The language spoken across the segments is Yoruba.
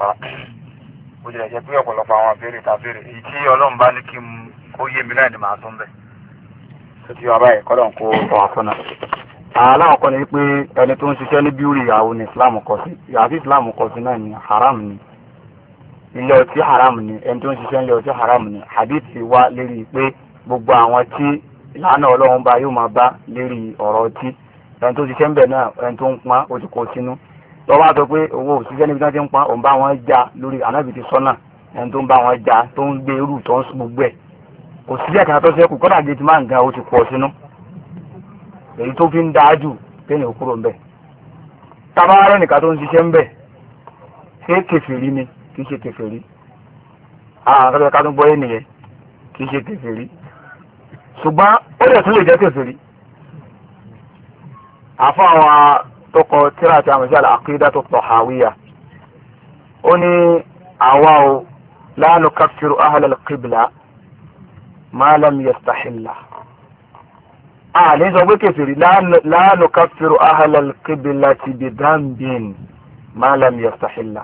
bó tilẹ̀ jẹ́ pé ọ̀pọ̀lọpọ̀ àwọn àbẹ̀rẹ̀ tàbẹ̀rẹ̀ èyí tí ọlọ́run bá ní kí n kó yé mi náà ni màá tún bẹ̀. tó ti wá báyìí kọ́ lóun kó ọ̀hún àfọ́nà. aláwọ̀ kan ni pé ẹni tó ń ṣiṣẹ́ ní bíúrì àwọn ní islam kọ sí àti islam kọ sí náà ni haram ni ilé ọtí haram ni ẹni tó ń ṣiṣẹ́ ilé ọtí haram ni hadith wá lérí pé gbogbo àwọn tí ìlànà ọlọ́run bá yóò máa bá lérí ọ̀rọ̀ ọtí ẹni tó ṣiṣẹ́ ń bẹ̀ náà ẹni tó ń pọ́n ó ti kó sínú lọ́wọ́ àtọ́ pé owó òṣìṣẹ́ níbi tí wọ́n ti ń pa òun bá wọn já lórí anábì ti sọ́nà ẹni tó ń bá wọn já tó ń gbé irú tó ń sún gbogbo ẹ̀ òṣìṣẹ́ kan tó ṣẹ́kù kọ́dà gate man gan ó ti pọ̀ sínú èyí tó fi ń dáa jù kéèyàn kúrò ń bẹ̀ tábàárọ̀ nìkan tó ń ṣiṣẹ́ ń bẹ̀ ṣé kèfèrí ni kì í ṣe kèfèrí àtọ́jọ́ ká tó gbọ́ ènìyàn kì í ṣe kèfèrí ṣùgbọ́n ó lè tún lè jẹ́ kèfèrí àfọ àwọn tó kọ tíra àti àmọ̀sí àlàkídà tó tọ̀háwíyà ó ní àwa o la nukaffiru ahlal qibla ma lam yastahilla a lè sọ pé kèfèrí la nukaffiru ahlal qibla ti bi dambin ma lam yastahilla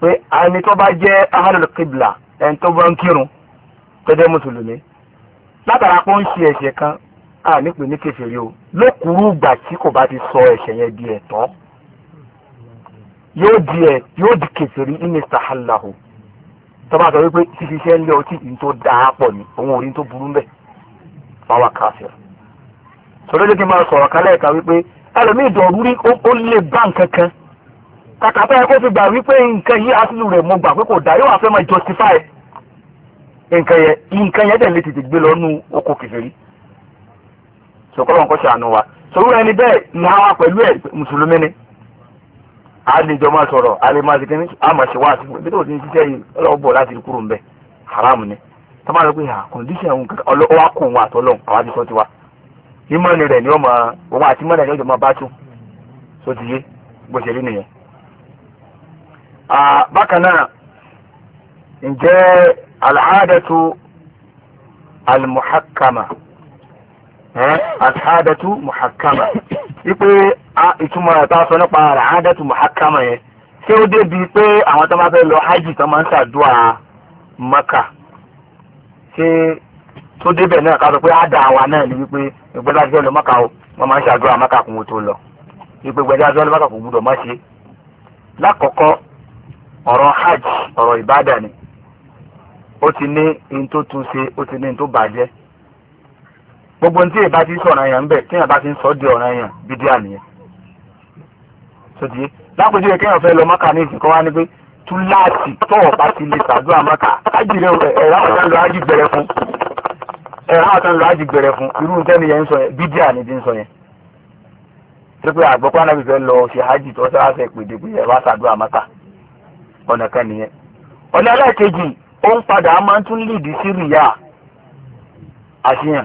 pé ẹni tó bá jẹ́ ahlal qibla ẹni tó bá ń kírun tó jẹ́ mùsùlùmí látara pé ń ṣe ẹ̀ṣẹ̀ kan a nípe ní kèfèrí o lókùrú ìgbà tí kò bá ti sọ ẹ̀ṣẹ̀ yẹn di ẹ̀tọ́ yóò di ẹ̀ yóò di kèfèrí inista halahu tọ́ba àtọ́ wípé fífi iṣẹ́ ń lé ọtí ìyìn tó dáa pọ̀ ní òun ò rí tó burú mbẹ̀ fáwọn káfíà sọdọ́ jẹ́ kí n máa sọ̀rọ̀ kálẹ̀ ẹ̀ka wípé ẹlòmíì dọ̀rú rí ó lè bá nǹkan kan kàkà bẹ́ẹ̀ kó fi gbà wípé nǹkan yìí aṣílù rẹ̀ mo gbà pé kò dá yóò wá fẹ́ máa justify nǹkan yẹn nǹkan yẹn dẹ̀ lè tètè gbé lọ oko kèfèrí sọkọlọ nǹkan ṣàánú wa sọwọ́ ẹni bẹ́ẹ̀ ní pẹ̀lú ẹ̀ mùsùlùmí ni a lè jọ máa sọ̀rọ̀ a lè máa ṣe kíní a máa ti ń ṣiṣẹ́ yìí ọlọ́wọ́ bọ̀ láti kúrò ń haram ni tọ́ba rẹ pé kọ̀ǹdíṣẹ̀ òun kankan ọlọ́wọ́ kò òun àtọ́lọ́hún àwa wa rẹ̀ ni ọmọ òun àti máa bá tún so ti yé bó ṣe rí nìyẹn. bákan àtàdàtú muhakama Ipe ìtumọ̀ ẹ̀ta sọ nípa àtàdàtú muhakama yẹn ṣé ó débi pé àwọn tó máa fẹ́ lọ hajj tó máa ń ṣàdúrà maka ṣé tó débẹ̀ náà ká sọ pé àdá àwa náà ni wípé ìgbẹ́dá fẹ́ lọ maka o wọ́n máa ń ṣàdúrà maka kún tó lọ Ipe ìgbẹ́dá fẹ́ lọ maka kún gbúdọ̀ má ṣe lákọ̀ọ́kọ́ ọ̀rọ̀ hajj ọ̀rọ̀ ìbádà ni ó ti ní in tó tún ṣe ó ti ní in tó bàjẹ́ gbogbo ní tí èyí bá ti sọ̀rọ̀ yẹn ń bẹ̀ tí èyàn bá ti ń sọ di ọ̀rọ̀ yẹn bídí àníyàn sọdí lápèjú yẹ kéèyàn fẹ́ lọ mọ́kà ní ìsìnkọ́ wá ní pé túláàsì tọ́wọ̀ bá ti lè ṣàdúrà mọ́kà ájì rẹ ẹ̀rọ àwọn ọ̀tán lọ ájì gbẹrẹ fún ẹ̀rọ àwọn ọ̀tán lọ ájì gbẹrẹ fún irú tẹ́ni yẹn ń sọ yẹn bídí àní ti ń sọ yẹn ṣé pé àgbọ̀pá náà fẹ́ lọ ṣe ájì tó sáfẹ́ pèdè àṣìyàn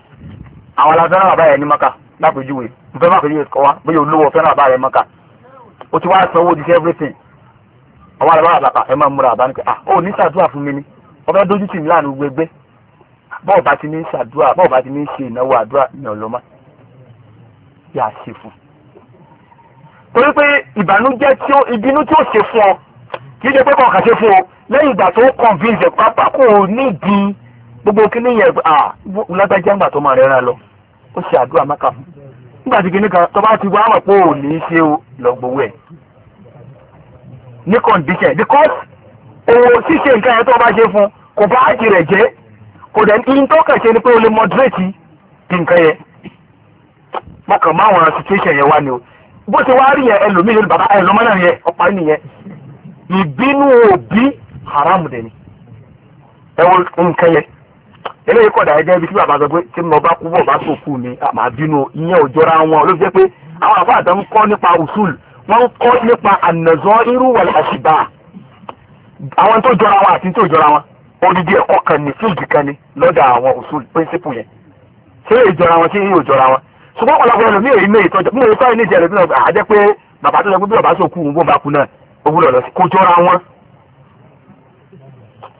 àwọn aláfẹ́ràn bàbá rẹ̀ ní mọ́kà lápèjúwe mo fẹ́ máa fẹ́yẹ kọ́ wa bóyá olówó fẹ́ràn bàbá rẹ̀ mọ́kà ó ti wá sanwó di everything àwọn alábàbà bàbà ẹ máa múra bàbá ní pé ah ó ní ṣàdúrà fún mi ni ọbẹ̀ dójú tì mí láàánú gbẹgbẹ́ bọ́ọ̀ bá ti ní ṣàdúrà bọ́ọ̀ bá ti ní ṣe ìnáwó àdúrà ní ọlọ́mọ yà ṣe fún. torí pé ìbànújẹ́ tí ó ìbínú tí ó ṣe fún ọ kì í ṣe pé kọ̀ọ̀kan ṣe fún ọ lẹ́yìn ìgbà tó convince ẹ̀ pápá kò ní di gbogbo kí ní yẹn ah lágbájá ń gbà tó máa rẹ́ra lọ ó ṣe àdúrà máka fún nígbà tí kìíní kan tó bá ti wá mọ̀ pé ò ní ṣe o lọ gbowó ẹ̀ ní condition because òun ṣíṣe nǹkan ẹ̀ tó bá ṣe fún kò bá àjì rẹ̀ jẹ́ kò dẹ̀ ní tó kàn ṣe ni pé o lè moderate nǹkan yẹn mọ̀kàn máwọn situation yẹn wá ni o bó ṣe wá rí yẹn ẹlòmíì lórí bàbá ẹ̀ lọ́mọ náà yẹn ọ̀pá nìyẹn ìbínú òbí haram dẹ̀ ni ẹ wọ nǹkan yẹn eléyìí kọ̀dà ẹ̀jẹ̀ ibi tí bàbá sọ pé tí mo bá kú bọ̀ bá tó kú ni àmà bínú ìyẹn ò jọra wọn ló jẹ́ pé àwọn àbá àtàn ń kọ́ nípa usul wọ́n ń kọ́ nípa ànàzọ́ irú wà láṣìbà àwọn tó jọra wọn àti tó jọra wọn odidi ẹ̀kọ́ kan ni fíìdì kan ni lọ́dà àwọn usul píríncípù yẹn ṣé èyí jọra wọn ṣé èyí ò jọra wọn ṣùgbọ́n ọ̀pọ̀lọpọ̀ ẹlòmí èyí ní ìtọ́jú mú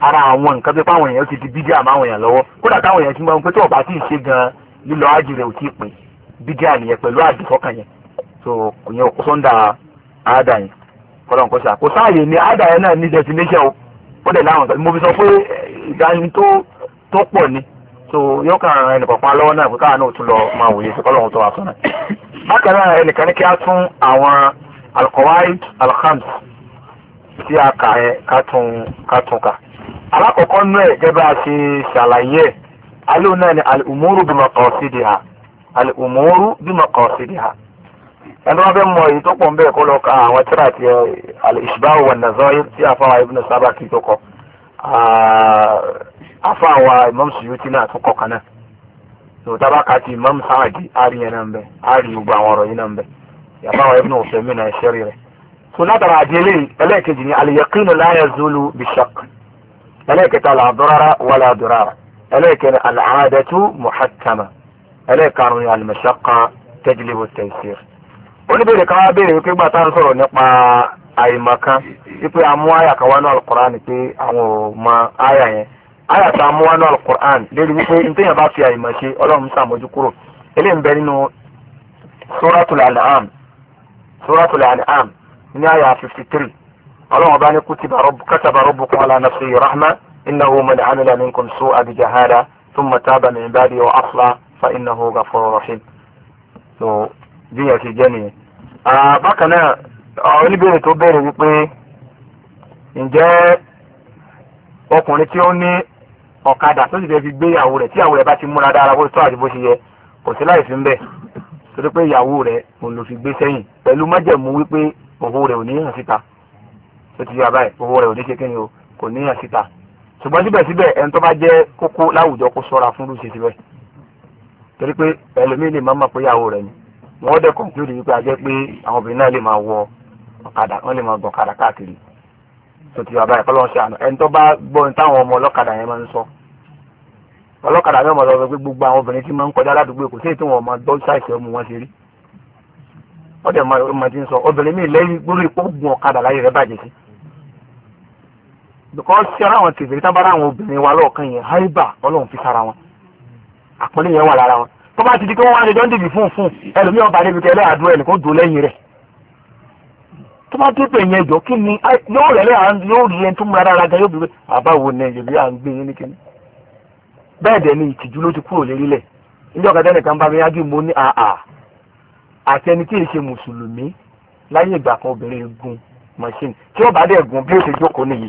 ara àwọn nǹkan tó fáwọn èèyàn ti di bídíà máwọn èèyàn lọ́wọ́ kódà táwọn èèyàn ti mọ pé tí ọba tí ì ṣe gan lílọ ájì rẹ ò tí ì pè bídíà nìyẹn pẹ̀lú àdìsọ́kàn yẹn so ìyẹn ò sọ́ndà àádà yẹn kọ́lọ́n kọ́ṣà kò sáàyè ni àádà yẹn náà ní destination o ó dẹ̀ láwọn nǹkan mo fi sọ pé eh, ìdáni tó tó pọ̀ ni so yóò kàn án ẹnìkan pa lọ́wọ́ náà pé káà náà tún lọ máa wòye sí kọ́lọ́n tó wà fún náà bákan náà ẹnìkan ní kí á tún àwọn alkọ̀wáì alkhams tí a kà ẹ ká tún ká tún kà alákọ̀ọ́kọ́ náà ẹ̀jẹ̀ bá a ṣe ṣàlàyé ẹ̀ alóò náà ni alùmúrù bímọ kàn sí di ha alùmúrù bímọ kàn sí di ha ẹni wọn fẹ́ mọ èyí tó pọ̀ ń bẹ́ẹ̀ kó lọ ka àwọn tíra ti alìṣibáwò wà nàzọ́yé tí a fáwọn ibùdó sábà kì í tó kọ ah, a fáwọn imam suyuti náà tó kọ kan náà tòtábà ká ti imam sáàdì àrí yẹn náà bẹ àrí gbogbo àwọn ọ̀rọ̀ yìí náà bẹ yàtọ̀ àwọn ibùdó òfin mi náà ṣẹ́rí rẹ̀. tó látara àdéhùn ẹlẹ́ẹ̀kejì ni alìyẹ̀kínu láyà zulu bishak ẹlẹ́ẹ̀kẹta làdúrárá wàlá dúrárá ẹlẹ́ẹ̀kẹrin alàádẹ́tú muhakkama ẹlẹ́ẹ̀karùn ni alimẹ̀ṣáka tẹ́jìlẹ́wò tẹ̀sír. oníbèrè ká wá béèrè wípé gbàtà ń sọ̀rọ̀ nípa àìmọ̀kan wípé amú àyà kan wá ní alukur'an pé àwọn ò mọ àyà yẹn àyà tá a mú wá ní alukur'an lérí wípé ntẹ́yìn bá fi àìmọ̀ ṣe ọlọ́run sàmójú kúrò eléyìí ń bẹ nínú sóràtúlẹ̀ àlẹ́ àm sóràtúlẹ̀ àlẹ́ àm ní àyà fifty three ọlọ́run bá ní kátàbà rabbukum ala nafsihi rahma innahu man amila minkum su'an bi jahala thumma taba min ba'dihi wa aslaha fa innahu ghafurur rahim. so bí yẹn ti jẹ́ nìyẹn. bákan náà oníbèrè tó bẹ̀rẹ̀ wípé ǹjẹ́ ọkùnrin tí ó ní ọ̀kadà tó sì fẹ́ fi gbé ìyàwó rẹ̀ tí ìyàwó rẹ̀ bá ti múra dára bó tó àti bó ṣe yẹ kò sí láì fi ń torí pé ìyàwó rẹ̀ òun ló fi gbé sẹ́yìn pẹ̀lú májẹ̀mú wípé òwò rẹ̀ ò ní hàn síta tó ti yọ abáyé owó rẹ̀ ò ní ṣe kíni o kò níyàn síta ṣùgbọ́n síbẹ̀síbẹ̀ ẹni tó bá jẹ́ kókó láwùjọ kó sọ́ra fún rúṣe síbẹ̀ torí pé ẹlòmíín lè máa mọ̀ pé ìyàwó rẹ̀ ni wọ́n dẹ̀ kọ̀ǹpútì wípé a jẹ́ pé àwọn obìnrin náà lè máa wọ ọ̀kadà wọ́n lè máa gbọ̀n ọ̀kadà káàkiri tó ti bàbá ẹ̀kọ́ lọ́wọ́ ṣe àná ẹni tó bá gbọ́ ní táwọn ọmọ ọlọ́kadà yẹn máa ń sọ ọlọ́kadà yẹn máa sọ pé gbogbo àwọn obìnrin tí máa ń kọjá ládùúgbò kò sí èyí tí wọ́n máa ọmọ wọn ṣe rí wọ́n máa ti ń sọ obìnrin míì lẹ́yìn gbórí ìpó gun ọ̀kadà láyé rẹ̀ bàjẹ́ sí because tí aláwọn kèfèrí tá bá rà àwọn obìnrin wa lọ́ọ̀kan yẹn haiba ọlọ́run fi sára wọn àpọ́nlé yẹn wà lára wọn tó bá ti di pé wọ́n wá ní jọ́ndì bí fún fún ẹlòmíì ọba débi kẹlẹ́ àdúrà ẹnì kan dùn lẹ́yìn rẹ̀ tó bá débẹ̀ yẹn jọ kí ni yóò rẹ̀ lẹ́yìn yóò rí ẹni tó múra dára gan yóò bí bàbá wo ni ẹ̀yẹ̀ bí à ń gbé yín ní kíni bẹ́ẹ̀ dẹ̀ ni ìtìjú ló ti kúrò lérí lẹ̀ ilé ọ̀gá tẹ́lẹ̀ kan bá mi yájú mo ní àà àti ẹni tí ì ṣe mùsùlùmí láyé ìgbà kan obìnrin gun machine tí ó bá dẹ̀ gùn bí ó ṣe jókòó nìyí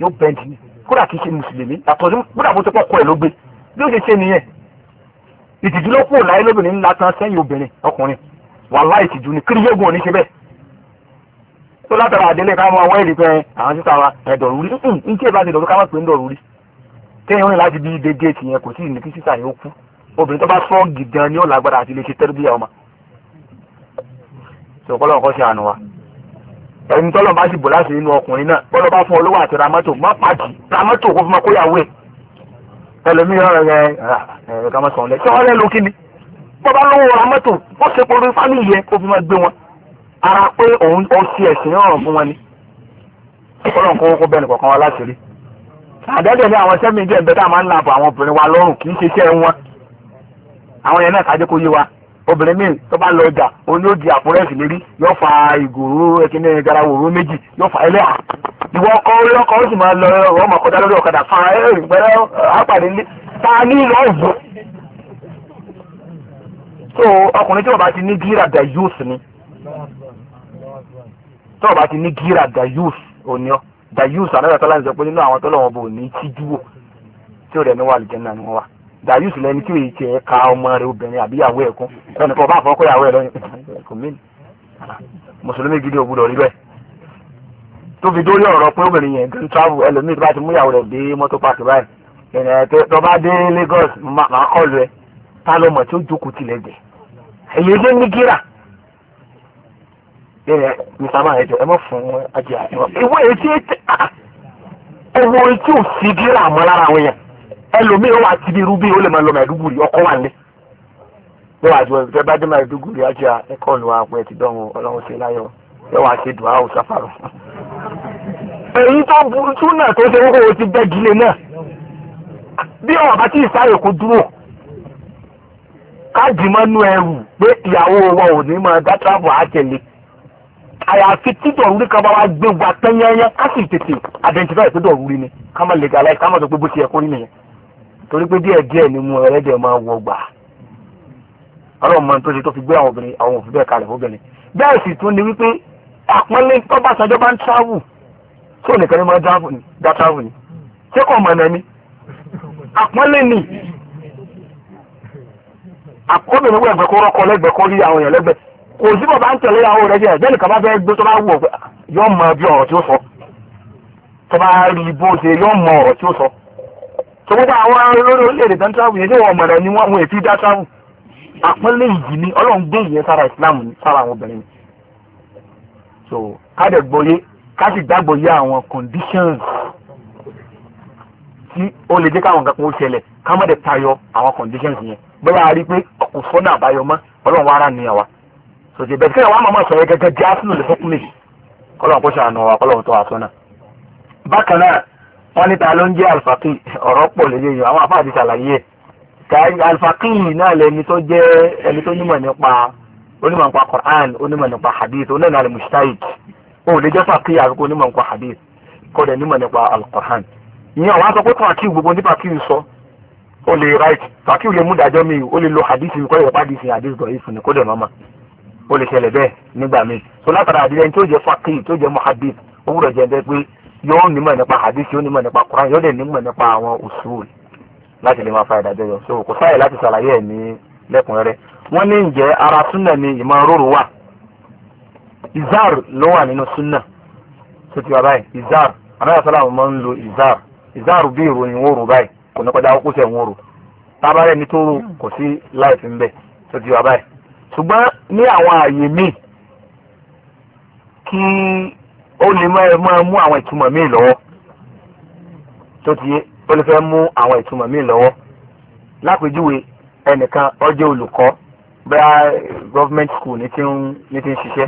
yóò bend ni kódà kìí ṣe mùsùlùmí àtọ̀ ní kódà bó ti pọ̀ kọ́ ẹ̀ ló gbé bí ó ṣe ṣe nìyẹn ìtìjú ló kúrò láyé lóbìnrin ńlá tán sẹ́yìn obìnrin ọkùnrin wàhálà ìtìjú ni kiri yégun òní ṣe bẹ́ẹ̀ tó látara àdélé ká mọ àwọn ìrìpẹ́ àwọn títà wa ẹ̀dọ̀rú rí ní tí èbá ti dọ̀rú ká mọ̀ pé ń dọ̀rú rí téèyàn rìn láti bí ìdè géètì yẹn kò sí ìní kí sísà yóò kú obìnrin tó bá sọ́ọ̀gì gan ni ẹni tọ́lọ̀ bá sì bò láti inú ọkùnrin náà bọ́lọ́ bá fún olówó àti ramọ́tò má pàjì ramọ́tò kó fún ma kóyàwó ẹ̀ ẹlòmíràn rẹ̀ ẹ̀ ah, ẹ̀ ká má sọ̀rọ̀ lẹ̀ tí wọ́n lẹ́ lo kí ni bọ́ bá lówó ramọ́tò wọ́n ṣe polú fámìlì yẹn kó fi má gbé wọn ara pé òun ó ṣe ẹ̀sìn ọ̀rọ̀ fún wọn ni ọlọ́run kó kó bẹ́ẹ̀ni kọ̀ọ̀kan wa láti rí àdẹ́dẹ̀ ní àwọn sẹ́mi jẹ́ ìbẹ́ta máa ń obìnrin míì tó bá lọ ọjà òun yóò di àpòrẹ́sì lérí yóò fa ìgòrò ẹkẹni garawo òru méjì yóò fa ẹlẹ́yà ìwọ ọkọ orí ọkọ ó sì máa lọ ọmọ ọkọdá lórí ọ̀kadà fa ẹrìn pẹrẹ àpàdé ní ta ní ìlọ ìbò. so ọkùnrin tí bàbá ti ní gíra da youth ni tí bàbá ti ní gíra da youth òní ọ da youth àdáyàtọ̀ láti sọ pé nínú àwọn tó lọ́wọ́ bò ní tíjú wò tí ò dayus lẹni tí èyí tiẹ̀ ka ọmọ rẹ obìnrin àbí ìyàwó ẹ̀ kún ẹnì kan ọba àfọwọ́kọ́ ìyàwó ẹ̀ lọ́yìn mùsùlùmí gidi ògbúdọ̀ rí bẹ́ẹ̀ tó fi dórí ọ̀rọ̀ pé obìnrin yẹn ń travel ẹlòmíì tó bá ti mú ìyàwó rẹ̀ dé mọ́tò park báyìí ẹ̀nà tó bá dé Lagos màá kọ́ lu ẹ tá ló mọ̀ tí ó jókòó tilẹ̀ jẹ èyí ló ní gíra ẹ̀nà mr man ẹ̀jọ̀ ẹ mọ̀ fún ajé àti ìwọ èyí tí ah, ẹ̀wọ̀ èyí tí ò sí gíra mọ́ lára àwọn yẹn. ẹlòmíì ó wà ti bí irú bí ó lè máa lọ màdúgùrì ọkọ wà ní. yóò wá ju ẹgbẹ́ bá dé màdúgùrì ajá ẹ̀kọ́ ni wàá pẹ́ ti dọ́run ọlọ́run ṣe ṣe dùn áwò sáfàrọ̀. èyí tó burú tún náà tó ṣe o ti bẹ́ gílé náà bí ọ̀rọ̀ bá kó dúró káàdì máa ẹrù pé ìyàwó wa ò ní máa dá tíráàbù àyàfi kan bá wá ni ká má legalize torí pé díẹ̀ díẹ̀ ni mu ẹlẹ́dẹ̀ máa wọ gbà ọlọ́run máa ń tó ṣe tó fi gbé àwọn obìnrin àwọn òfin bẹ́ẹ̀ kalẹ̀ fóbìnrin bẹ́ẹ̀ sì tún ni wípé àpọ́nlé tọ́bàṣánjọ́ bá ń travel tí ò nìkan ní máa dá travel ni ṣé kò mọ̀ náà ni àpọ́nlé ni àkóbìnrin wẹ̀ ẹ̀gbẹ́ kó rọ́kọ lẹ́gbẹ̀ẹ́ kó rí àwọn èèyàn lẹ́gbẹ̀ẹ́ kò sí bọ̀ bá ń tẹ̀lé àwọn rẹ̀ jẹ́ ẹ̀gbẹ́ nìkan bá fẹ́ gbé tó bá wù ọ́ yọ́ mọ bí ọ̀rọ̀ tí ó sọ tó bá rí bó ṣe yọ́ mọ ọ̀rọ̀ tí ó sọ tó gbogbo àwọn olórí orílẹ̀-èdè tó ń travel yẹn tí wọ́n mọ̀rẹ̀ ni wọ́n èfi dá travel àpọ́nlé ìjì ni ọlọ́run gbé ìyẹn sára ìsìláàmù ni sára àwọn obìnrin ni so káàdẹ̀ gbọ́yé ká sì gbàgbọ́ yé àwọn conditions tí ó lè jẹ́ káwọn nǹkan kan ó ṣẹlẹ̀ ká má dẹ̀ tayọ àwọn conditions yẹn bẹ́ẹ̀ a rí i pé kò fọ́nà àbáyọ mọ́ ọlọ́run wàrà ni àwa sòtì bẹ́ẹ̀ kí àwọn àmọ́ sọ̀rọ̀ gẹ́gẹ́ jẹ́ àsìlò lè fọ́kúnlẹ̀ kọ́lọ́run kó ṣàánú wa kọ́lọ́run tó wà sọ́nà bákan náà wọ́n níta ló ń jẹ́ alfaqi ọ̀rọ̀ pọ̀ lóye yìí àwọn afáàdì ṣàlàyé ẹ̀ ká alfaqi náà lẹni tó jẹ́ ẹni tó nímọ̀ nípa onímọ̀ nípa Qur'an onímọ̀ nípa hadith onímọ̀ nípa mujtahid ó lè jẹ́ faqi àkókò onímọ̀ nípa hadith kọ́dẹ̀ nímọ̀ nípa al-Qur'an ìyẹn àwọn aṣọ pé faqi gbogbo nípa kí n sọ ó lè right faqi lè mú dájọ́ mi ó lè lo hadith mi kọ́ ìyọ̀pá hadith hadith dọ̀ ìfún ni kọ́dẹ̀ mọ́mọ́ ó lè ṣẹlẹ̀ bẹ́ẹ̀ nígbà míì so látara àdìrẹ́ni tó jẹ́ faqi tó jẹ́ muhadith ó wúrọ̀ jẹ́ bẹ́ẹ̀ pé yóò mọ̀ nípa hadith yóò mọ̀ nípa quran yóò dẹ̀ mọ̀ nípa àwọn usul láti lè máa fa ìdájọ́ yọ so kò sáyè láti ṣàlàyé ẹ̀ ní lẹ́kùnrẹ́rẹ́ wọ́n ní ara súnà ni ìmọ̀ róró wà izar ló wà nínú súnà tó ti wà báyìí izar anáyà sálàmù máa ń lo izar izar bí ìròyìn wòrò báyìí kò ní kọjá wòrò tábàárẹ̀ kò sí ó lè máa mú àwọn ìtumọ̀ míì lọ́wọ́ tó ti yé ó lè fẹ́ mú àwọn ìtumọ̀ míì lọ́wọ́ lápèjúwe ẹnìkan ọjọ́ olùkọ́ bẹ́ẹ̀ gọ́fìmẹ̀ntì skul ní ti ń ṣiṣẹ́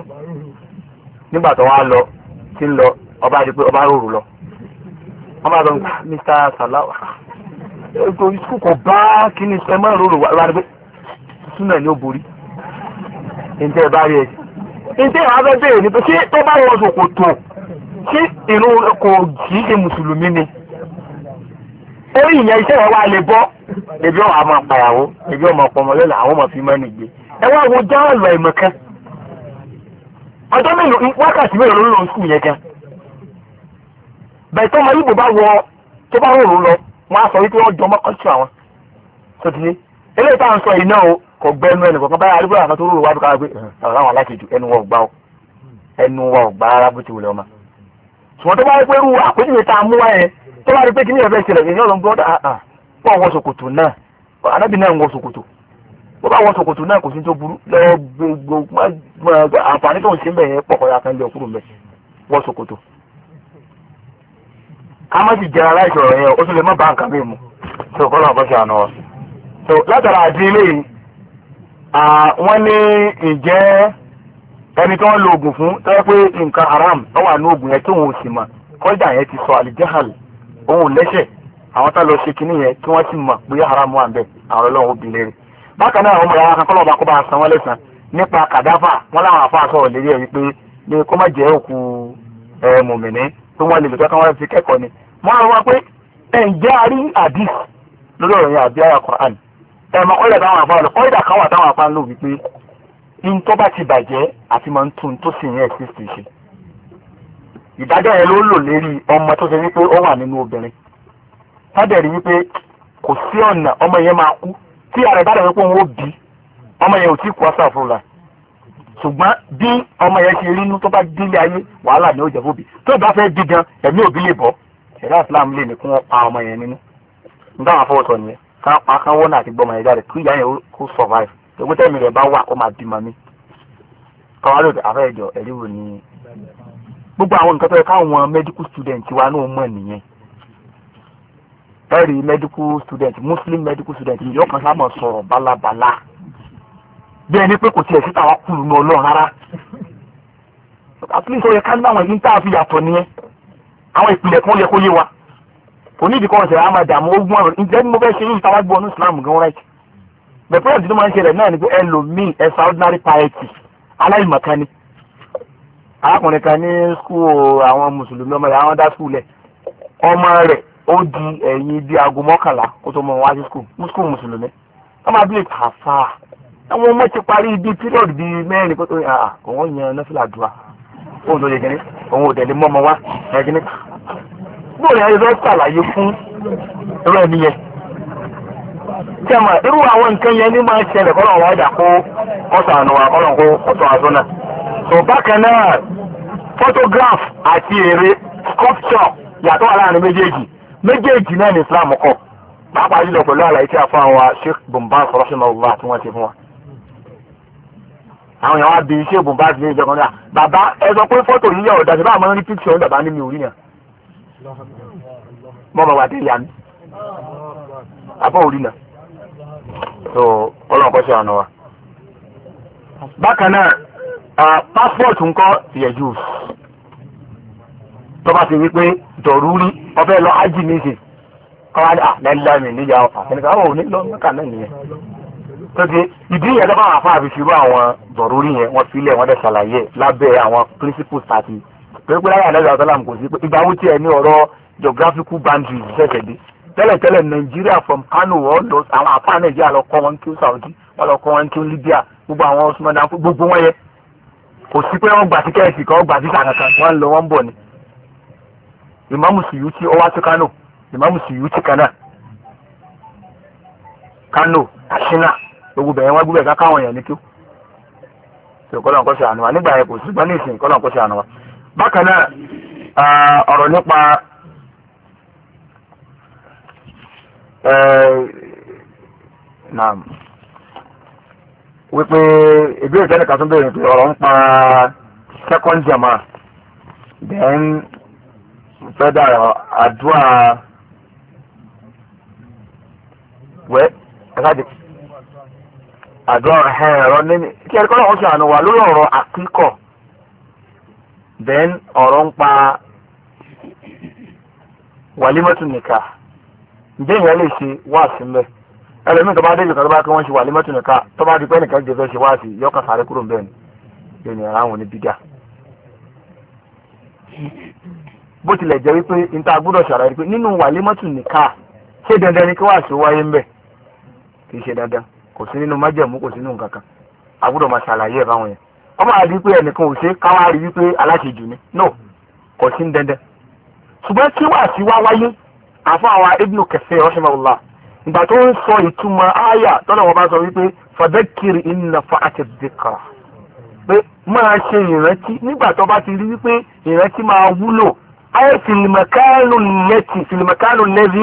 nígbà tó wá lọ tí ń lọ ọba àti pé ọba rorò lọ wọn bá sọ mr salawa ètò ìsukù kò bá kíní sọ ẹ má rorò wá lọ wá ni pé súnà ni ó borí ní tẹ́ ẹ ìdí ìwà abẹ́ bẹ́ẹ̀ ni tó bá wọ ṣòkòtò ṣé ìlú kò kìí ṣe mùsùlùmí ni orí ìyẹn iṣẹ́ wọn lè bọ́ ẹbí ọmọ àmọ́ àpàyàwó ẹbí ọmọ ọpọmọ àwọn ọmọ fi mọ́ni gbé ẹ wá wo jáàlù àìmọ̀kan ọjọ́ mélòó wákàtí mélòó ló ń yẹn bá wọ tó bá rò lọ wọn á sọ wípé mọ́kànlá àwọn eléyìí táwọn sọ iná o kò gbẹnu ẹnì kankan báyà arúgbó àwọn tó rúrò wá dúkàá gbé ọ̀rọ̀ àwọn aláṣejù ẹnu wọn gbá o ẹnu wọn ò gbá rárá bó ti wù lọ ma. ṣùgbọ́n tó bá rí pé rú àpèjúwe tá a mú wá yẹn tó bá rí pé kíní ẹ̀fẹ́ ṣẹlẹ̀ yẹn lọ́n gbọ́dọ̀ ah, ah, pọ̀ wọ ṣòkòtò náà anábì náà ń wọ ṣòkòtò bó bá wọ ṣòkòtò náà kò sí tó burú àǹfààní tó so látara àti ilé wọ́n ní ìjẹ́ ẹni tí ń lo fún tó nka pé nǹkan haram tó wà ní oògùn yẹn tí òun sì mọ̀ kọ́jà yẹn ti sọ àlìjẹ́hàlì òun lẹ́sẹ̀ àwọn tá lọ ṣe kinní haram wà àwọn ọlọ́run obìnrin bákan náà àwọn ọmọ yàrá lọ́ba kó bá san wọ́n lẹ́sàn nípa ní kó má fi kẹ́kọ̀ọ́ ni rọ ẹ̀mọ̀ kọ́lẹ̀ báwọn àfa ọ̀lọ́ kọ́lẹ̀ kan wà táwọn àfa ń lò wípé in tó bá ti bàjẹ́ àti máa ń tún tó sì yẹn exist ṣe ìdájọ́ yẹn ló lò lérí ọmọ tó ṣe wípé ó wà nínú obìnrin sádẹ̀rí wípé kò sí ọ̀nà ọmọ yẹn máa kú tí ààrẹ bá dàgbé pé òun ó bí ọmọ yẹn ò tí kú ọ́sà fúnra ṣùgbọ́n bí ọmọ yẹn ṣe rí tó bá délé ayé wàhálà ni ó jẹ́ fóbi tó bá fẹ́ di ẹ̀mí òbí lè bọ́ ṣẹ̀dá islam lè ní kí wọ́n pa ọmọ yẹn nínú nígbà wọn fọwọ́sọ nìyẹn ká pa kán wọ́n náà àti gbọ́mọ yẹn jáde kí ìyá yẹn kó survive ewu tẹ́mi rẹ̀ bá wà ó máa bímọ mi káwá lòdì afẹ́ ìjọ ẹ̀rí wò ní. gbogbo àwọn nǹkan tó yẹ káwọn medical student wa náà mọ̀ nìyẹn ẹ̀rí medical student muslim medical student yóò kàn sáà mọ̀ sọ̀rọ̀ bálabàlà bí ẹni pé kò tiẹ̀ síta wa kùlù ní ọlọ́run rárá àti nígbà yẹ ká ní àwọn yìí ń àfihàn tọ̀ nìyẹn àwọn ìpìlẹ̀ kan yẹ kó yé wa onídìí kan ṣẹlẹ̀ àmàdà àmọ́ ogun ọ̀rọ̀ ǹjẹ́ ni mo fẹ́ ṣe yìí táwọn gbọ́ ọ̀nù Islam gan right the problem tí ló máa ń ṣẹlẹ̀ náà ni pé ẹlòmíì extraordinary piety aláìmọ̀kan ni arákùnrin kan ní skul àwọn mùsùlùmí ọmọ rẹ̀ àwọn dá skul lẹ̀ ọmọ rẹ̀ ó di ẹ̀yìn bí aago mọ́kànlá kó tó mọ wá sí skul skul mùsùlùmí wọ́n máa bíi kàfà àwọn ọmọ ti parí ibi period bíi mẹ́rin kó tó yàn án òun yàn náfìlà dùà wa ẹ̀ kínní bó ẹ̀rọ ṣàlàyé fún ẹ̀rọ ẹ̀mí Tẹ́mà irú àwọn nǹkan yẹn ní máa ń ṣẹlẹ̀ kọ́nà wọn ọjà kó kọ́sà àánú wa kó ọ̀tọ̀ àtún náà. So bákan náà photograph àti èrè sculpture yàtọ̀ wà láàrin méjèèjì méjèèjì náà ní Islam kọ̀ pàápàá jùlọ pẹ̀lú àlàyé tí a fún àwọn Sheikh bùnbá sọ̀rọ̀ sínú ọ̀gbà tí wọ́n ti fún wa àwọn èèyàn wá bí iṣẹ́ ògùn bá ti lé ìjọba náà bàbá ẹ sọ pé fọ́tò yíyá ọ̀dà ṣe bá àwọn rí píkṣọ̀ ní bàbá nínú orí yẹn mọ́mọ́ wa dé yanu abọ́ òrí náà so ọlọ́run kọ́ sí ọ̀nà wa. bákan náà pásítọ̀tù ńkọ́ yẹ̀jú tọ́ba ti wí pé dọ̀rúrí ọbẹ̀ lọ ájì níṣẹ́ kọ́wá ní àlẹ́lámì níyà ọ̀fà kẹ́nìkan àwọn òní lọ mẹ́kà náà nìyẹn. tó ti ìdí ìyẹn tó bá wà fún àbíṣirú àwọn dọ̀rúrí yẹn wọ́n filẹ̀ wọ́n dẹ̀ ṣàlàyé lábẹ́ àwọn principles àti pé pé láyé àlẹ́ ìsàlám kò sí pé ìgbà wo tiẹ̀ ní ọ̀rọ̀ geographical boundaries ṣẹ̀ṣẹ̀ dé tẹ́lẹ̀tẹ́lẹ̀ nàìjíríà from Kano wọ́n lọ àwọn àpá nàìjíríà lọ kọ́ wọn kí Saudi wọ́n lọ kọ́ wọn kí Libya gbogbo àwọn Osman dan gbogbo wọn yẹ kò sí pé wọ́n gbà sí kẹ́ẹ̀sì kan wọ́n gbà sí sàkàkà wọ́n lọ wọ́n bọ̀ ni ìmáàmù Suyuti ó wá sí Kano ìmáàmù Suyuti kan kana, Kano Katsina gbogbo bẹ̀rẹ̀ wọn gbúgbẹ̀ káwọn èèyàn ní kí ó kọ́lọ̀ nǹkan ṣe àná wa nígbà yẹn kò sí gbọ́n ní ìsìn kọ́lọ̀ nǹkan ṣe àná wa. bákan ọ̀rọ̀ nípa wípé ìbéèrè tẹ́lẹ̀ kan tún pé ọ̀rọ̀ ń pa second jama then fẹ́ dára àdúrà wẹ́ àdúrà ẹ̀rọ kí then ọ̀rọ̀ ń pa wàlímọ́tò nìka ǹjẹ́ ìyá lè ṣe wáàsí mbẹ́ ẹlẹ́mìí tó bá dé ìjọba kí wọ́n ṣe wàlímọ́tò nìka tó bá di pé nìkan ṣe wà sí kúrò mbẹ́ ni ènìyàn ara wọn ní bídà bó tilẹ̀ jẹ́ wípé nínú ṣé dandan ni kí sí wáyé mbẹ́ kì í ṣe dandan kò sí a gbọ́dọ̀ máa ṣàlàyé ẹ̀ wọ́n máa rí pé ẹnìkan ò ṣe káwá rí wípé aláṣejù ni no kò sí ń dẹ́ndẹ́ ṣùgbọ́n tí wàá sí wá wáyé àfọ́ àwa ibnu kẹfẹ́ rọ́ṣẹ́mọ́lá ìgbà tó ń sọ ìtumọ̀ àyà tọ́lá wọn bá sọ wípé fadakiri inna fa'ati dhikra pé máa ṣe ìrántí nígbà tó bá ti rí wípé ìrántí máa wúlò ayé fìlìmọ̀kánù lẹ́tì fìlìmọ̀kánù lẹ́bí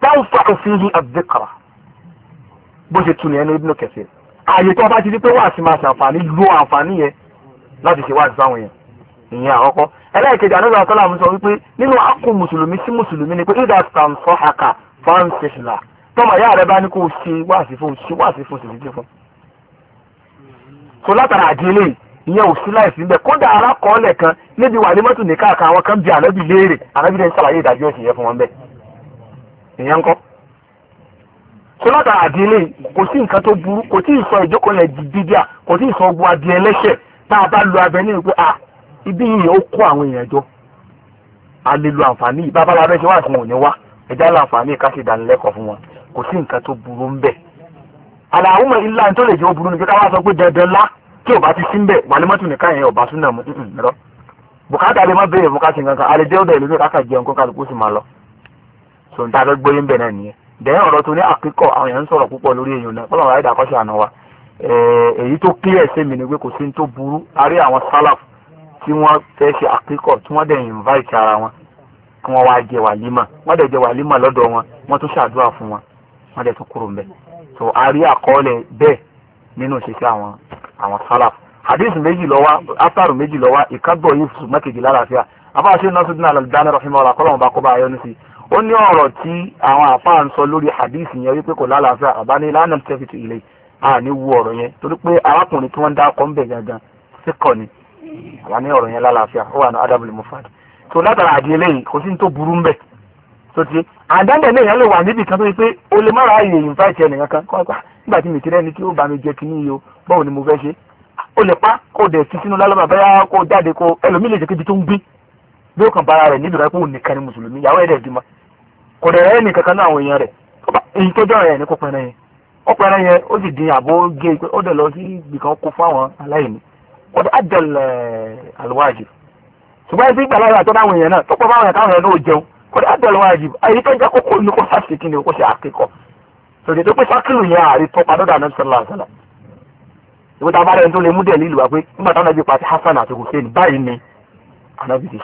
táwọn fàáfin yìí àdìkàrà bó ṣe tu nìyẹn ní ibnu kẹfẹ́ ààyè tó bá ti di pé wà sí máa ṣàǹfààní lo àǹfààní yẹn láti ṣe wáàsí fáwọn yẹn ìyẹn àkọ́kọ́ ẹlẹ́ẹ̀kejì àdúrà sọ́là mi sọ wípé nínú akọ mùsùlùmí sí mùsùlùmí ni pé ìdá sam sọ àkà fáńsẹ̀sìlà tọ́mọ ìyá rẹ bá ní kó o ṣe wáàsí fún ṣe wáàsí fún ṣe títí fún. so látara àdílé ìyẹn ò sí láìsí ń bẹ kódà alákọọ́lẹ̀ kan níbi wà ní mọ́tò ní káàkiri àwọn kan bí ànábì léèrè ànábì lẹ́yìn sàlàyé ìdájọ́ ìṣìyẹ fún wọn bẹ́ẹ̀ ìyẹn ń kọ́ so látara àdílé kò sí nǹkan tó burú kò tí ì sọ ìjókòó yẹn di dídíà kò tí ì sọ adìẹ ẹlẹ́ṣẹ̀ tá a bá lo abẹ nínú pé ah ibi yìí ó kó àwọn èèyàn jọ a lè lo àǹfààní yìí bàbá labẹ́ ṣe wá fún òní wá ẹja lo àǹfààní ká ṣe ìdánilẹ́kọ̀ọ́ fún wọn kò sí nǹkan tó burú ń bẹ̀. àlàáhùnmọ̀ ilá tó lè jẹ́ ó burú ni pé ká wá sọ pé dandan lá tí ò bá ti sí ń bẹ̀ wà ní mọ́tò nìkan yẹn ọ̀bá súnà mu rọ. bùkátà lè má béèrè fún ká ṣe nǹkan kan àlejò ọ̀dọ̀ ìlú ní káka jẹun kó kálukú sì máa lọ. sòǹtà fẹ́ gbóyè dẹ̀ ọ̀rọ̀ tó ní àkíkọ̀ àwọn èèyàn ń sọ̀rọ̀ púpọ̀ lórí èèyàn náà fọlọ́n ráìdà kọ́ṣẹ́ àná wa èyí tó clear sí mi ni pé kò sí ní tó burú a àwọn sálàf tí wọ́n fẹ́ ṣe àkíkọ̀ tí wọ́n dẹ̀ invite ara wọn kí wọ́n jẹ wọ́n dẹ̀ jẹ lọ́dọ̀ wọn wọ́n ṣàdúrà fún wọn wọ́n dẹ̀ tún kúrò a rí àkọọ́lẹ̀ bẹ́ẹ̀ nínú ìṣesí méjì méjì ó ní ọ̀rọ̀ tí àwọn àfáà ń sọ lórí hadith yẹn wípé kò lálàáfíà àbáni lánàá tẹ́ fi ti a àní wu ọ̀rọ̀ yẹn torí pé arákùnrin tí wọ́n dá ọkọ̀ ń bẹ̀ gangan sí kọ̀ ni àbáni ọ̀rọ̀ yẹn lálàáfíà ó wà ní adabul mufad tó látara àdìyẹlẹ yìí kò sí ní tó burú ń bẹ̀ tó ti àdáńdẹ̀ náà lè wà níbi kan tó yẹ o lè má ra àyè invite ni mo fẹ́ ṣe o lè pa kó o dẹ̀ ti sínú lálọ́bà báyà kó o jáde kó ẹlòmíì lè jẹ́ kébi tó bí o kàn bára rẹ̀ níbi rẹ̀ pé òun nìkan ni mùsùlùmí ìyàwó ẹ̀rẹ̀ ìdímọ̀ kò dẹ̀ àwọn èèyàn rẹ̀ èyí tó jọ̀rọ̀ yẹn ní kó pẹrẹ yẹn ó yẹn ó sì dín àbó gé ó dẹ̀ lọ sí ibì kan kó fún àwọn aláìní dẹ̀ àlùwájì ṣùgbọ́n àtọ́nà àwọn èèyàn náà tó pọ̀ fáwọn èèyàn náà jẹun dẹ̀ àlùwájì ayé tó jẹ́ kókó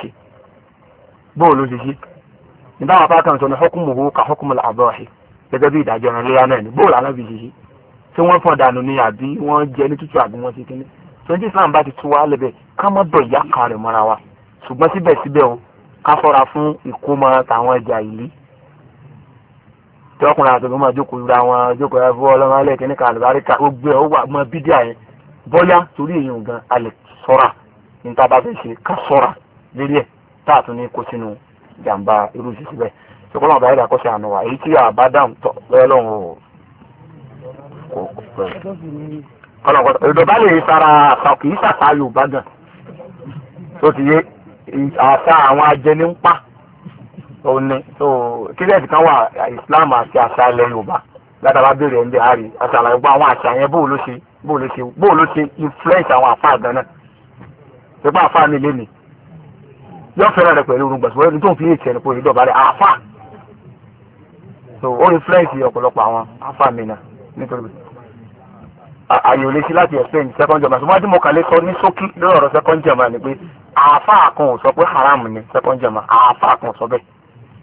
kó bóòlù ṣe ṣe nítawọn apá kan sọ ní hukumu ka hukumu al-adahi gẹ́gẹ́ bí ìdájọ́ ẹran léra náà ni bóòlù anábì ṣe ṣe tí wọ́n fọ̀n dànù ni àbí wọ́n jẹ ní tútù àbí wọ́n ṣe kíní tó ń tí Islam bá ti tú wa lẹ́bẹ̀ ká má bọ̀ ìyá kan rẹ̀ mọ́ra wa ṣùgbọ́n síbẹ̀síbẹ̀ o ká ṣọ́ra fún ìkómọ tàwọn ẹja ìlú tí ọkùnrin àti ọmọ jókòó ra wọn jókòó ẹ fọ ọlọ́run alẹ́ kíní kan àlùbáríkà gbogbo ẹ̀ ó wà mọ bídíà yẹn bọ́yá torí èèyàn gan alẹ́ ṣọ́ra ní tá a bá fẹ́ ṣe ká ṣọ́ra lérí ẹ̀ tá a tún ní kó sínú jàǹbá irú ìṣẹ̀ṣẹ̀ bẹ́ẹ̀ ṣùgbọ́n àwọn àbáyé àkọ́ṣe àánú wa èyí tí a bá dáhùn tọ́ lọ́lọ́run o ìdọ̀bálẹ̀ ìsara àṣà kìí ṣàṣà Yorùbá gan tó ti yé àṣà àwọn ajẹni ń pa tó ní tó kílẹ̀sì kan wà Islam àti àṣà ilẹ̀ Yorùbá ládàá bá béèrè ẹ̀ńdẹ̀ àárí àṣà àlàyé gbọ́ àwọn àṣà yẹn bóòló ṣe bóòló ṣe influence àwọn àfa àgbẹ̀ náà pípa àfa mi lé mi yọ fẹ́ràn rẹ pẹ̀lú orúngbà ṣùgbọ́n ẹni tó ń fi ètò ẹni pé òní dọ̀bálẹ̀ àáfà so ó ní fúlẹ́ǹsì ọ̀pọ̀lọpọ̀ àwọn àáfà mi náà nítorí àyè ò lè ṣe láti explain second german ṣùgbọ́n tí mo kàlẹ́ sọ ní ṣókí lórí ọ̀rọ̀ second german ni pé àáfà kan ò sọ pé haram ni second german àáfà kan ò sọ bẹ́ẹ̀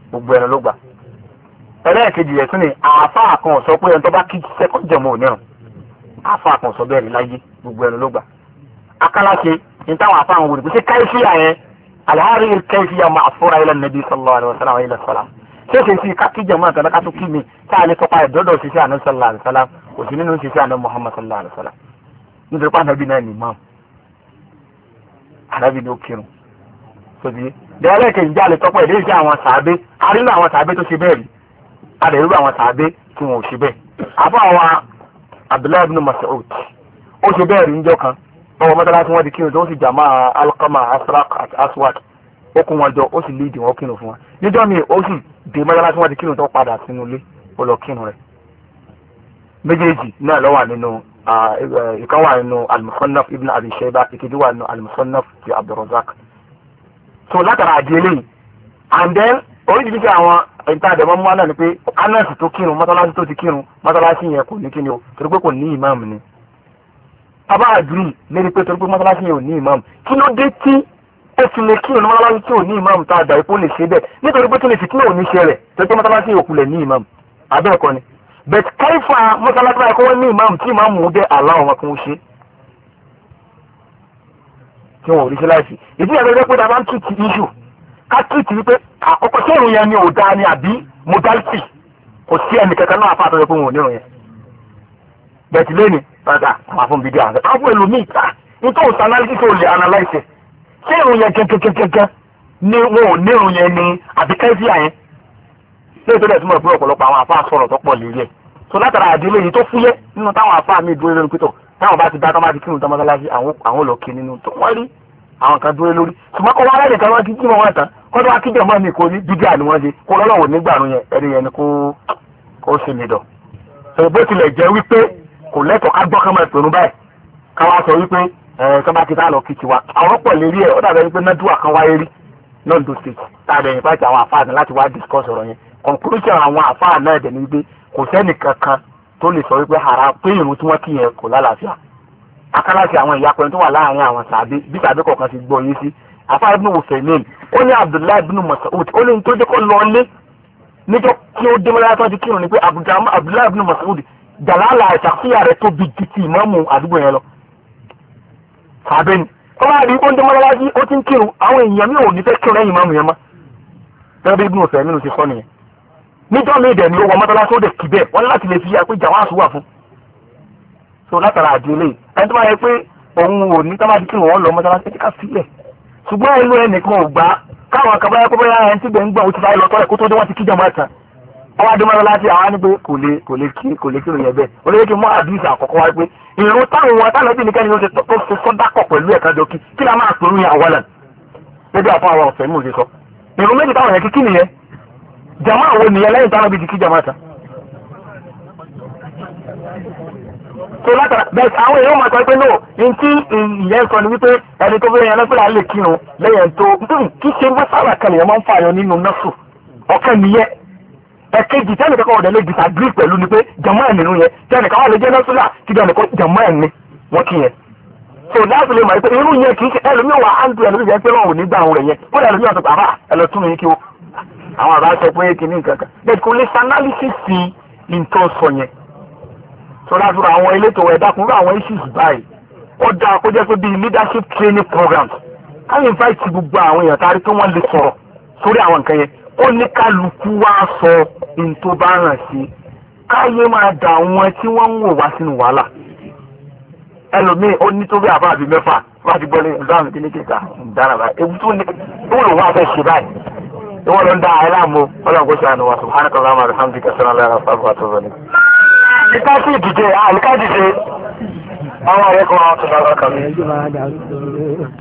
gbogbo ẹran ló gbà ẹlẹ́ẹ̀kejì rẹ̀ tún ni àáfà kan ò sọ pé ẹni tó bá kí second german ò ní ọ̀run àáfà kan ò sọ bẹ́ẹ̀ rí láyé gbogbo ẹran ló gbà akálàṣe ní táwọn àáfà àwọn olùgbé ṣe káyé sí àyẹn alhari ilkaifiya ma'asura ila nabi sallallahu alaihi wasallam wa ila salam ṣé kì í fi kákí jẹ̀mọ́ àti ọ̀dọ́ kátó kí mi tá a lè tọ́pa ìdọ́dọ̀ ṣiṣẹ́ àná sallallahu alaihi wasallam kò sí nínú ṣiṣẹ́ àná muhammad sallallahu alaihi wasallam nítorí pé ànábì náà ní imam ànábì ní ó kírun sóbi dẹ́rẹ́ kejì jẹ́ àlè tọ́pọ̀ ìdí ìṣe àwọn sàábé arínú àwọn sàábé tó ṣe bẹ́ẹ̀ rí adẹ̀rú àwọn sàábé tí wọn ò ṣe bẹ́ẹ̀ àbọ̀ àwọn abdullahi ibn mas'ud ó ṣe bẹ́ẹ̀ rí níjọ́ wọn mọ́tàlásí wọn ti kírun tó ń sì jàmá alkama asrak àti aswad ó kún wọn jọ ó sì léèdì wọn kírun fún wọn níjọ́ mi ó sì dé mọ́tàlásí wọn ti kírun tó padà sínú ilé ó lọ kírun rẹ̀ méjèèjì náà ló wà nínú ìkan wà nínú al-musannaf ibn abi shayba ìkejì wà nínú al-musannaf ti abdulrazak so látara àdí eléyìí and then oríṣiríṣi àwọn ìta àdẹ̀mọ́ mú wá náà ni pé anas tó kírun mọ́tàlásí tó ti kírun mọ́tàlásí yẹn kò ní kíni o torí pé kò ní ìmáàmù ni abá agree lórí pé torí pé mọ́sálásí yẹn ò ní ìmáàmù kí ló dé tí ó fi lè kí òní mọ́sálásí tí ò ní ìmáàmù tá a dà ipò lè ṣe bẹ́ẹ̀ nítorí pé kí lè fi kí òní ṣe rẹ̀ torí pé mọ́sálásí yẹn òkulẹ̀ ní ìmáàmù abẹ́ ẹ̀kọ́ ni bẹ̀t káìfà mọ́sálásí yẹn kó wọ́n ní ìmáàmù tí ìmáàmù ó dẹ́ àlá wọn kó ṣe tí wọn ò rí sí ìdí ẹ̀rọ ẹgbẹ́ pé ah, ni àbí modality kò sí ẹnì kankan bẹ̀tì lónìí padà àwọn afún bídíà àwọn àwọn ẹlòmíì ta nítorí òtún analysis ò lè analyse ṣé irun yẹn kẹ́kẹ́kẹ́kẹ́ ni wọn ò ní irun yẹn ni àbí kẹ́síà yẹn ṣé ètò ìdẹ̀tún mọ̀ pé ọ̀pọ̀lọpọ̀ àwọn afá sọ̀rọ̀ tó pọ̀ lórí ẹ̀ so látara àdúlé yìí tó fúyẹ́ nínú táwọn afá mi dúró lórí pítọ̀ táwọn bá ti dá tán bá ti kírun tán mọ́sálásí àwọn lọ kí nínú tó wọ́n rí àwọn kan dúró lórí ṣùgbọ́n kó wá láyè kan wọ́n ti jí wọn tán kó tó wá kíjọ mọ́ mi kò ní bídíà ni wọ́n ṣe kó lọ́lọ́wọ́ nígbà yẹn ẹni yẹn ni kó ṣe mi dọ̀. bó tilẹ̀ jẹ́ wípé kò lẹ́tọ̀ọ́ ká gbọ́ ká máa pèrún báyìí ká wá sọ wípé ẹ̀ẹ́dẹ́gbẹ́ bá ti dá lọ kíkì wa àwọn pọ̀ lérí ẹ̀ ó dàbẹ̀ wípé nádùá kan wáyé rí London state táàbẹ̀ yìí báyìí àwọn àfáà ní láti wá discuss ọ̀rọ̀ yẹn conclusion àwọn àfáà náà dẹ̀ ni wípé kò sẹ́nì kankan tó lè sọ wípé ara pé ìrún tí wọ́n kì yẹn kò lálàáfíà akálàsì àwọn ìyapẹ̀rẹ̀ tó wà láàrin àwọn sàbí bí sàbí kọ̀ọ̀kan ti gbọ́ yé sí àfáà ibn wùfẹ̀mẹ́ẹ̀lì ó ní Abdullahi ibn Mas'ud ó ní tó jẹ́ kó lọ lé níjọ́ tí dalala ìṣàkóyà rẹ̀ tóbi ju ti ìmọ̀mù àdúgbò yẹn lọ. tàbí ni ó bá rí oúnjẹ mọ́lọ́lájú ó ti ń kírun àwọn èèyàn mi ò ní fẹ́ kírun lẹ́yìn ìmọ̀mù yẹn mọ́. bẹ́ẹ̀ bí ibùdó fẹ́ nínú ti kọ́ nìyẹn. níjọ́ mi ìdẹ̀ ni ó wọ mọ́tọ́láṣí ó dẹ̀ kì bẹ́ẹ̀ wọ́n láti lè fi àpé jàwáàsù wà fún. so látara àdìlé ẹni tó bá yẹ pé òun ò ní tábàdí kírun wọn lọ mọ́tọ́láṣí ọwọ́ adúmọ́lá láti àwọn á ní pé kò lè kò lè kí kò lè kí òyìn ẹ̀bẹ̀ ó lè kí mọ́ àdìsí àkọ́kọ́ wáyé pé ìrún táwọn wọn táwọn ẹbí nìkan ni wọ́n ti tó fi sọ́dákọ̀ pẹ̀lú ẹ̀ka jọ kí kí la máa pèrú yẹn àwọlẹ̀ níbi àfọ àwọn ọ̀sẹ̀ mú sọ ìrún méjì táwọn yẹn kíkí nìyẹn jàmá wo nìyẹn lẹ́yìn táwọn bíi kí jàmá ta. so látara bẹ́ẹ̀ àwọn èèyàn máa sọ pé no n tí ìyẹn sọ ni wípé ẹni tó fẹ́ yẹn lọ́pẹ́lá lè kírun lẹ́yìn tó hmm, kí ṣe ń bá sára kan lèèyàn máa ń fààyàn nínú nọ́ọ̀sù ọ̀kan nìyẹn ẹ̀kejì tẹ́nì kankan ọ̀dẹ̀ lè disagree pẹ̀lú ni pé jàmọ́ ẹ̀ nínú yẹn tẹ́nì kan wà lè jẹ́ nọ́sùlà kí jẹ́ nìkan jàmọ́ ẹ̀ wọ́n kí yẹn. so láti lè mọ̀ pé irú yẹn kì í ṣe ẹlòmíì wà á ń du ẹlòmíì yẹn pé wọn ò ní gbà àwọn yẹn kó ẹlòmíì wà ẹlòtún yìí kí o àwọn àbá sọ pé kí ní leadership training programs ká invite gbogbo àwọn èèyàn tá a rí pé wọ́n àwọn nǹkan yẹn ó ní kálukú wá sọ ohun tó bá ràn sí káyé máa dà wọn tí wọ́n ń wò wá sínú wàhálà ẹlòmíì ó ní tó bí àbá àbí mẹ́fà wá ti gbọ́ ní ìdáhùn tí ní kíkà ìdára báyìí ewu tó ní ewu lòun àfẹ́ ṣe báyìí ìwọ ló ń da àyè láàmú ọlọ́run kò ṣàánú wa subhanahu wa ta'ala alhamdulilayi sọ́nà lára fáwọn àtọ́sọ́ ni. ìka sí ìdíje àlùkà dìde àwọn ọ̀rẹ́ kan wọn tó bá